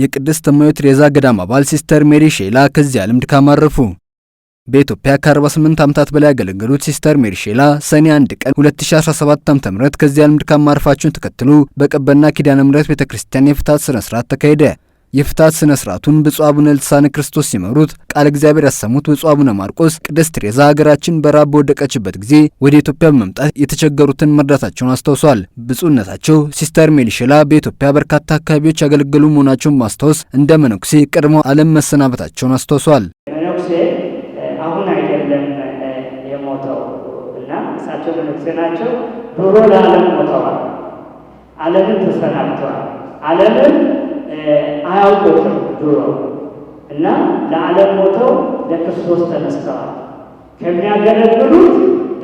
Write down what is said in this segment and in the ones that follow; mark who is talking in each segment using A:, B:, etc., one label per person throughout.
A: የቅድስት እማሆይ ቴሬዛ ገዳም አባል ሲስተር ሜሪ ሼላ ከዚህ ዓለም ድካም አረፉ። በኢትዮጵያ ከ48 ዓመታት በላይ ያገለገሉት ሲስተር ሜሪ ሼላ ሰኔ 1 ቀን 2017 ዓ.ም ከዚህ ዓለም ድካም ማረፋቸውን ተከትሎ በቀበና ኪዳነ ምሕረት ቤተክርስቲያን የፍታት ሥነ ሥርዓት ተካሄደ። የፍታት ስነ ስርዓቱን ብፁዕ አቡነ ልሳነ ክርስቶስ ሲመሩት ቃለ እግዚአብሔር ያሰሙት ብፁዕ አቡነ ማርቆስ ቅድስት ቴሬዛ ሀገራችን በራብ በወደቀችበት ጊዜ ወደ ኢትዮጵያ በመምጣት የተቸገሩትን መርዳታቸውን አስታውሷል። ብፁዕነታቸው ሲስተር ሜሊሽላ በኢትዮጵያ በርካታ አካባቢዎች ያገለገሉ መሆናቸውን ማስታወስ እንደ መነኩሴ ቀድሞ ዓለም መሰናበታቸውን አስታውሷል።
B: እሳቸው መነኩሴ ናቸው። ዶሮ ለዓለም ሞተዋል። ዓለምን ተሰናብተዋል። ዓለምን አያውቁትም ድሮ እና ለዓለም ሞተው ለክርስቶስ ተነስተዋል። ከሚያገለግሉት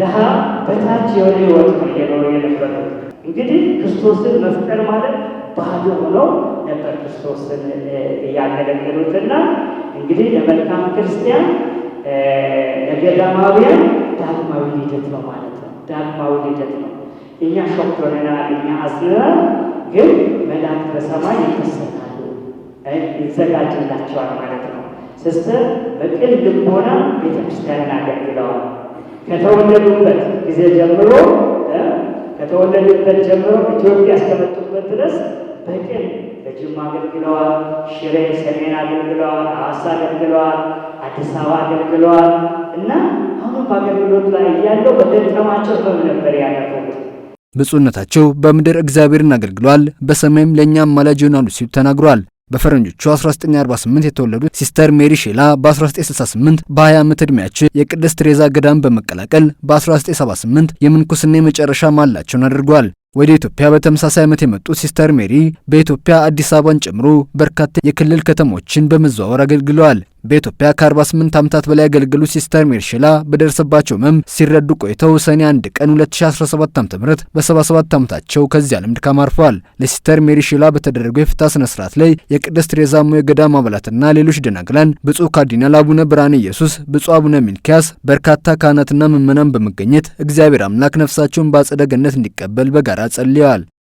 B: ድሃ በታች የሆነ ህይወት ነው እየኖሩ የነበሩት። እንግዲህ ክርስቶስን መፍጠር ማለት ባዶ ሆነው ነበር ክርስቶስን እያገለገሉትና እንግዲህ ለመልካም ክርስቲያን ለገዳማውያን ዳግማዊ ልደት ነው ማለት ነው። ዳግማዊ ልደት ነው። እኛ ሾክቶንና እኛ አዝነናል። ግን መላእክት በሰማይ ይመሰጣሉ ይዘጋጅላቸዋል ማለት ነው። ስስተር በቅን ልቦና ቤተክርስቲያንን አገልግለዋል። ከተወለዱበት ጊዜ ጀምሮ ከተወለዱበት ጀምሮ ኢትዮጵያ እስከመጡበት ድረስ በቅን በጅማ አገልግለዋል፣ ሽሬ ሰሜን አገልግለዋል፣ ሐዋሳ አገልግለዋል፣ አዲስ አበባ አገልግለዋል እና አሁን በአገልግሎት ላይ እያለው በደጠማቸው ህመም ነበር ያደረጉት
A: ብፁዕነታቸው በምድር እግዚአብሔርን አገልግሏል፣ በሰማይም ለእኛ አማላጅ ይሆናሉ ሲሉ ተናግሯል። በፈረንጆቹ 1948 የተወለዱት ሲስተር ሜሪ ሼላ በ1968 በ20 ዓመት ዕድሜያቸው የቅድስት ቴሬዛ ገዳም በመቀላቀል በ1978 የምንኩስና የመጨረሻ ማላቸውን አድርጓል። ወደ ኢትዮጵያ በተመሳሳይ ዓመት የመጡት ሲስተር ሜሪ በኢትዮጵያ አዲስ አበባን ጨምሮ በርካታ የክልል ከተሞችን በመዘዋወር አገልግለዋል። በኢትዮጵያ ከ48 ዓመታት በላይ ያገለገሉ ሲስተር ሜርሽላ በደረሰባቸው ህመም ሲረዱ ቆይተው ሰኔ 1 ቀን 2017 ዓ.ም በ77 ዓመታቸው ከዚህ ዓለም ድካም አርፈዋል። ለሲስተር ሜርሽላ በተደረገው የፍታ ስነ ስርዓት ላይ የቅድስት ቴሬዛ ሞ የገዳም አባላትና ሌሎች ደናግላን፣ ብፁዕ ካርዲናል አቡነ ብርሃነ ኢየሱስ፣ ብፁዕ አቡነ ሚልኪያስ፣ በርካታ ካህናትና ምዕመናን በመገኘት እግዚአብሔር አምላክ ነፍሳቸውን በአጸደ ገነት እንዲቀበል በጋራ ጸልየዋል።